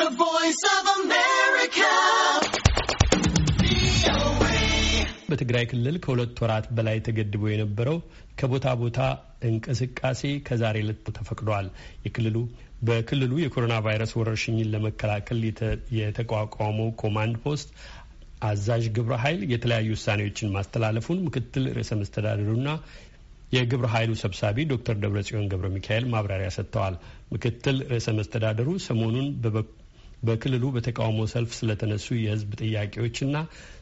The Voice of America. በትግራይ ክልል ከሁለት ወራት በላይ ተገድቦ የነበረው ከቦታ ቦታ እንቅስቃሴ ከዛሬ ዕለት ተፈቅዷል። የክልሉ በክልሉ የኮሮና ቫይረስ ወረርሽኝን ለመከላከል የተቋቋመው ኮማንድ ፖስት አዛዥ ግብረ ኃይል የተለያዩ ውሳኔዎችን ማስተላለፉን ምክትል ርዕሰ መስተዳድሩና የግብረ ኃይሉ ሰብሳቢ ዶክተር ደብረጽዮን ገብረ ሚካኤል ማብራሪያ ሰጥተዋል። ምክትል ርዕሰ መስተዳደሩ ሰሞኑን በክልሉ በተቃውሞ ሰልፍ ስለተነሱ የህዝብ ጥያቄዎችና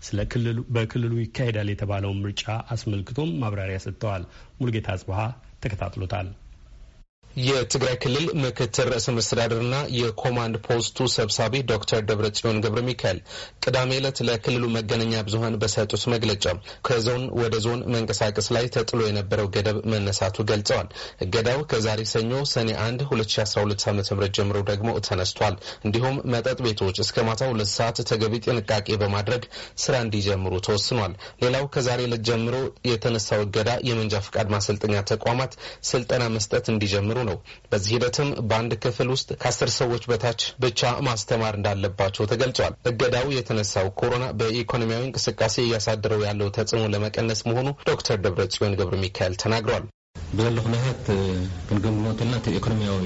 ስለ በክልሉ ይካሄዳል የተባለውን ምርጫ አስመልክቶም ማብራሪያ ሰጥተዋል። ሙልጌታ አጽብሃ ተከታትሎታል። የትግራይ ክልል ምክትል ርዕሰ መስተዳድርና የኮማንድ ፖስቱ ሰብሳቢ ዶክተር ደብረጽዮን ገብረ ሚካኤል ቅዳሜ ዕለት ለክልሉ መገናኛ ብዙኃን በሰጡት መግለጫ ከዞን ወደ ዞን መንቀሳቀስ ላይ ተጥሎ የነበረው ገደብ መነሳቱ ገልጸዋል። እገዳው ከዛሬ ሰኞ ሰኔ 1 2012 ዓ ም ጀምሮ ደግሞ ተነስቷል። እንዲሁም መጠጥ ቤቶች እስከ ማታ ሁለት ሰዓት ተገቢ ጥንቃቄ በማድረግ ስራ እንዲጀምሩ ተወስኗል። ሌላው ከዛሬ ዕለት ጀምሮ የተነሳው እገዳ የመንጃ ፈቃድ ማሰልጠኛ ተቋማት ስልጠና መስጠት እንዲጀምሩ እየተናገሩ ነው። በዚህ ሂደትም በአንድ ክፍል ውስጥ ከአስር ሰዎች በታች ብቻ ማስተማር እንዳለባቸው ተገልጿል። እገዳው የተነሳው ኮሮና በኢኮኖሚያዊ እንቅስቃሴ እያሳደረው ያለው ተጽዕኖ ለመቀነስ መሆኑ ዶክተር ደብረ ጽዮን ገብረ ሚካኤል ተናግሯል ብዘለኹ ናሃት ክንግምኖትና ኢኮኖሚያዊ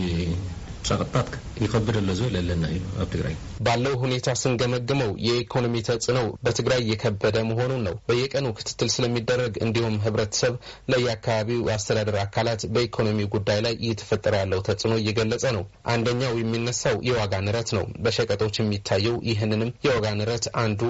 ሸቀጣት ይከብድ ሎ ለለና እዩ ኣብ ትግራይ ባለው ሁኔታ ስንገመግመው የኢኮኖሚ ተጽዕኖው በትግራይ እየከበደ መሆኑን ነው። በየቀኑ ክትትል ስለሚደረግ እንዲሁም ህብረተሰብ ለየአካባቢው አስተዳደር አካላት በኢኮኖሚ ጉዳይ ላይ እየተፈጠረ ያለው ተጽዕኖ እየገለጸ ነው። አንደኛው የሚነሳው የዋጋ ንረት ነው። በሸቀጦች የሚታየው ይህንንም የዋጋ ንረት አንዱ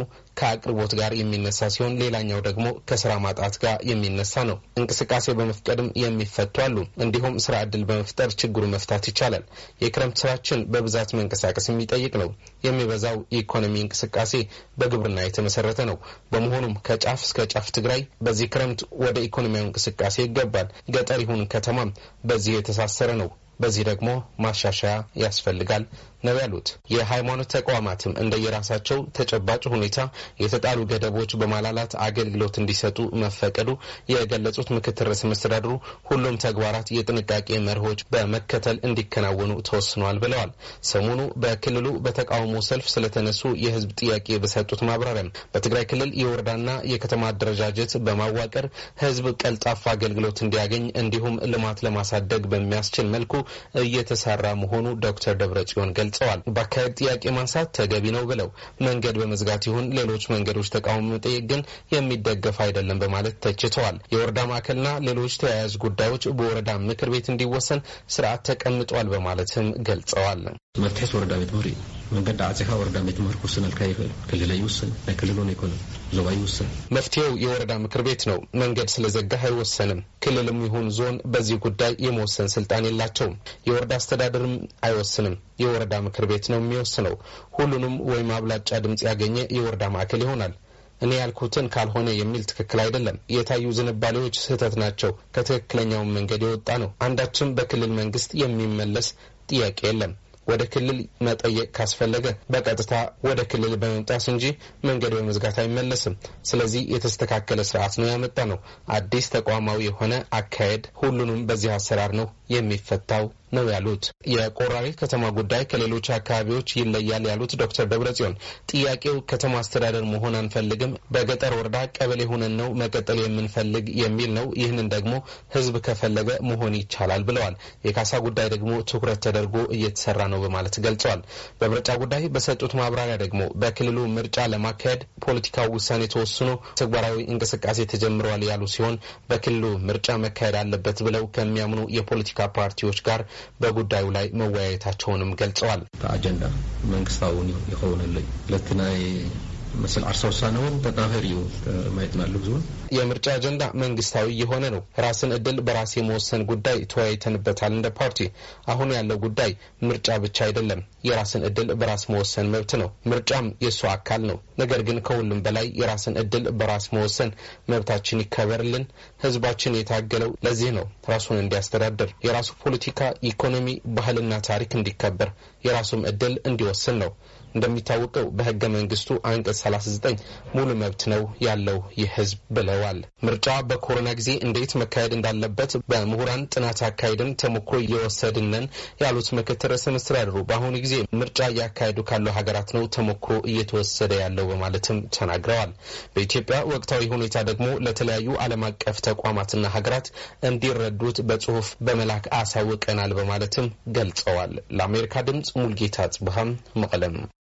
ከአቅርቦት ጋር የሚነሳ ሲሆን ሌላኛው ደግሞ ከስራ ማጣት ጋር የሚነሳ ነው። እንቅስቃሴ በመፍቀድም የሚፈቱ አሉ። እንዲሁም ስራ እድል በመፍጠር ችግሩ መፍታት ይቻላል። የክረምት ስራችን በብዛት መንቀሳቀስ የሚጠይቅ ነው። የሚበዛው የኢኮኖሚ እንቅስቃሴ በግብርና የተመሰረተ ነው። በመሆኑም ከጫፍ እስከ ጫፍ ትግራይ በዚህ ክረምት ወደ ኢኮኖሚያዊ እንቅስቃሴ ይገባል። ገጠር ይሁን ከተማም በዚህ የተሳሰረ ነው። በዚህ ደግሞ ማሻሻያ ያስፈልጋል ነው ያሉት። የሃይማኖት ተቋማትም እንደየራሳቸው ተጨባጭ ሁኔታ የተጣሉ ገደቦች በማላላት አገልግሎት እንዲሰጡ መፈቀዱ የገለጹት ምክትል ርዕሰ መስተዳድሩ ሁሉም ተግባራት የጥንቃቄ መርሆች በመከተል እንዲከናወኑ ተወስኗል ብለዋል። ሰሞኑ በክልሉ በተቃውሞ ሰልፍ ስለተነሱ የህዝብ ጥያቄ በሰጡት ማብራሪያም በትግራይ ክልል የወረዳና የከተማ አደረጃጀት በማዋቀር ህዝብ ቀልጣፋ አገልግሎት እንዲያገኝ እንዲሁም ልማት ለማሳደግ በሚያስችል መልኩ እየተሰራ መሆኑ ዶክተር ደብረጽዮን ገልጸዋል። በአካሄድ ጥያቄ ማንሳት ተገቢ ነው ብለው መንገድ በመዝጋት ይሁን ሌሎች መንገዶች ተቃውሞ መጠየቅ ግን የሚደገፍ አይደለም በማለት ተችተዋል። የወረዳ ማዕከልና ሌሎች ተያያዥ ጉዳዮች በወረዳ ምክር ቤት እንዲወሰን ስርዓት ተቀምጧል በማለትም ገልጸዋል። መርቴስ ወረዳ ቤት መንገድ አጼ ወረዳ ቤት ምህርኩ ስናል ክልለ ይውስን ለክልሉ ክልሉን ዞባ ይውስን መፍትሄው የወረዳ ምክር ቤት ነው። መንገድ ስለዘጋ አይወሰንም። ክልልም ይሁን ዞን በዚህ ጉዳይ የመወሰን ስልጣን የላቸውም። የወረዳ አስተዳደርም አይወስንም። የወረዳ ምክር ቤት ነው የሚወስነው። ሁሉንም ወይም አብላጫ ድምፅ ያገኘ የወረዳ ማዕከል ይሆናል። እኔ ያልኩትን ካልሆነ የሚል ትክክል አይደለም። የታዩ ዝንባሌዎች ስህተት ናቸው። ከትክክለኛውን መንገድ የወጣ ነው። አንዳችም በክልል መንግስት የሚመለስ ጥያቄ የለም። ወደ ክልል መጠየቅ ካስፈለገ በቀጥታ ወደ ክልል በመምጣት እንጂ መንገድ በመዝጋት አይመለስም። ስለዚህ የተስተካከለ ስርዓት ነው ያመጣ ነው። አዲስ ተቋማዊ የሆነ አካሄድ ሁሉንም በዚህ አሰራር ነው የሚፈታው ነው ያሉት። የቆራሬ ከተማ ጉዳይ ከሌሎች አካባቢዎች ይለያል ያሉት ዶክተር ደብረጽዮን ጥያቄው ከተማ አስተዳደር መሆን አንፈልግም፣ በገጠር ወረዳ ቀበሌ ሆነን ነው መቀጠል የምንፈልግ የሚል ነው። ይህንን ደግሞ ህዝብ ከፈለገ መሆን ይቻላል ብለዋል። የካሳ ጉዳይ ደግሞ ትኩረት ተደርጎ እየተሰራ ነው በማለት ገልጸዋል። በምርጫ ጉዳይ በሰጡት ማብራሪያ ደግሞ በክልሉ ምርጫ ለማካሄድ ፖለቲካው ውሳኔ ተወስኖ ተግባራዊ እንቅስቃሴ ተጀምረዋል ያሉ ሲሆን በክልሉ ምርጫ መካሄድ አለበት ብለው ከሚያምኑ የፖለቲካ ፓርቲዎች ጋር በጉዳዩ ላይ መወያየታቸውንም ገልጸዋል። አጀንዳ መንግስታውን ይኸውንልኝ አርሳ አርሳውሳነውን ተጣፈር እዩ ማየት ናሉ ብዙውን የምርጫ አጀንዳ መንግስታዊ የሆነ ነው። ራስን እድል በራስ የመወሰን ጉዳይ ተወያይተንበታል። እንደ ፓርቲ አሁን ያለው ጉዳይ ምርጫ ብቻ አይደለም። የራስን እድል በራስ መወሰን መብት ነው። ምርጫም የእሱ አካል ነው። ነገር ግን ከሁሉም በላይ የራስን እድል በራስ መወሰን መብታችን ይከበርልን። ህዝባችን የታገለው ለዚህ ነው። ራሱን እንዲያስተዳድር፣ የራሱ ፖለቲካ፣ ኢኮኖሚ፣ ባህልና ታሪክ እንዲከበር፣ የራሱም እድል እንዲወስን ነው። እንደሚታወቀው በህገ መንግስቱ አንቀጽ 39 ሙሉ መብት ነው ያለው ይህ ህዝብ ብለዋል። ምርጫ በኮሮና ጊዜ እንዴት መካሄድ እንዳለበት በምሁራን ጥናት አካሄድን ተሞክሮ እየወሰድነን ያሉት ምክትል ርዕሰ መስተዳድሩ በአሁኑ ጊዜ ምርጫ እያካሄዱ ካለው ሀገራት ነው ተሞክሮ እየተወሰደ ያለው በማለትም ተናግረዋል። በኢትዮጵያ ወቅታዊ ሁኔታ ደግሞ ለተለያዩ ዓለም አቀፍ ተቋማትና ሀገራት እንዲረዱት በጽሁፍ በመላክ አሳውቀናል በማለትም ገልጸዋል። ለአሜሪካ ድምጽ ሙልጌታ ጽብሃም መቀለም